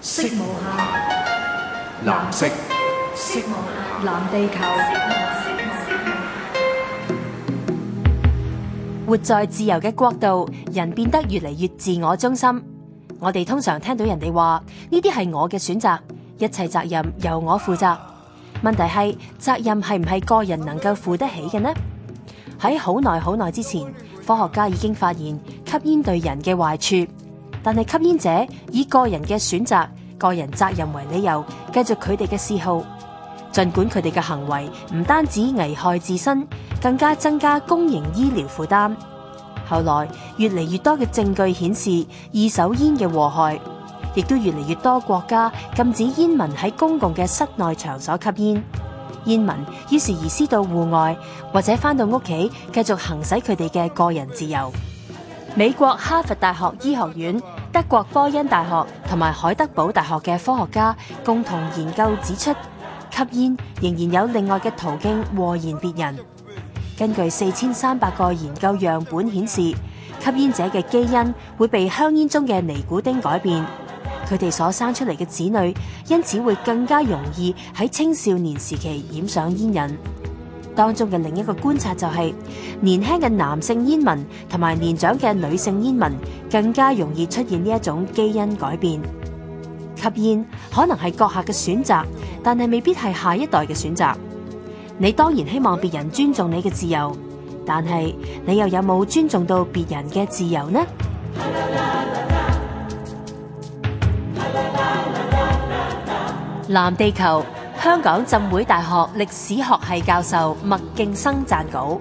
色無限，藍色，色無下藍地球，無下無下，活在自由嘅國度，人變得越嚟越自我中心。我哋通常聽到人哋話，呢啲係我嘅選擇，一切責任由我負責。問題係責任係唔係個人能夠負得起嘅呢？喺好耐好耐之前，科學家已經發現吸煙對人嘅壞處。但係吸煙者以個人嘅選擇，個人責任為理由，繼續佢哋嘅嗜好，儘管佢哋嘅行為唔單止危害自身，更加增加公營醫療負擔。後來越嚟越多嘅證據顯示二手煙嘅禍害，亦都越嚟越多國家禁止煙民喺公共嘅室內場所吸煙。煙民於是移師到戶外，或者返到屋企繼續行使佢哋嘅個人自由。美國哈佛大學醫學院。德國波恩大學同埋海德堡大學嘅科學家共同研究指出，吸煙仍然有另外嘅途徑禍延別人。根據四千三百個研究樣本顯示，吸煙者嘅基因會被香煙中嘅尼古丁改變，佢哋所生出嚟嘅子女因此會更加容易喺青少年時期染上煙癮。當中嘅另一個觀察就係、是、年輕嘅男性煙民同埋年長嘅女性煙民更加容易出現呢一種基因改變。吸煙可能係閣下嘅選擇，但係未必係下一代嘅選擇。你當然希望別人尊重你嘅自由，但係你又有冇尊重到別人嘅自由呢？藍地球。香港浸會大學歷史學系教授麥勁生撰稿。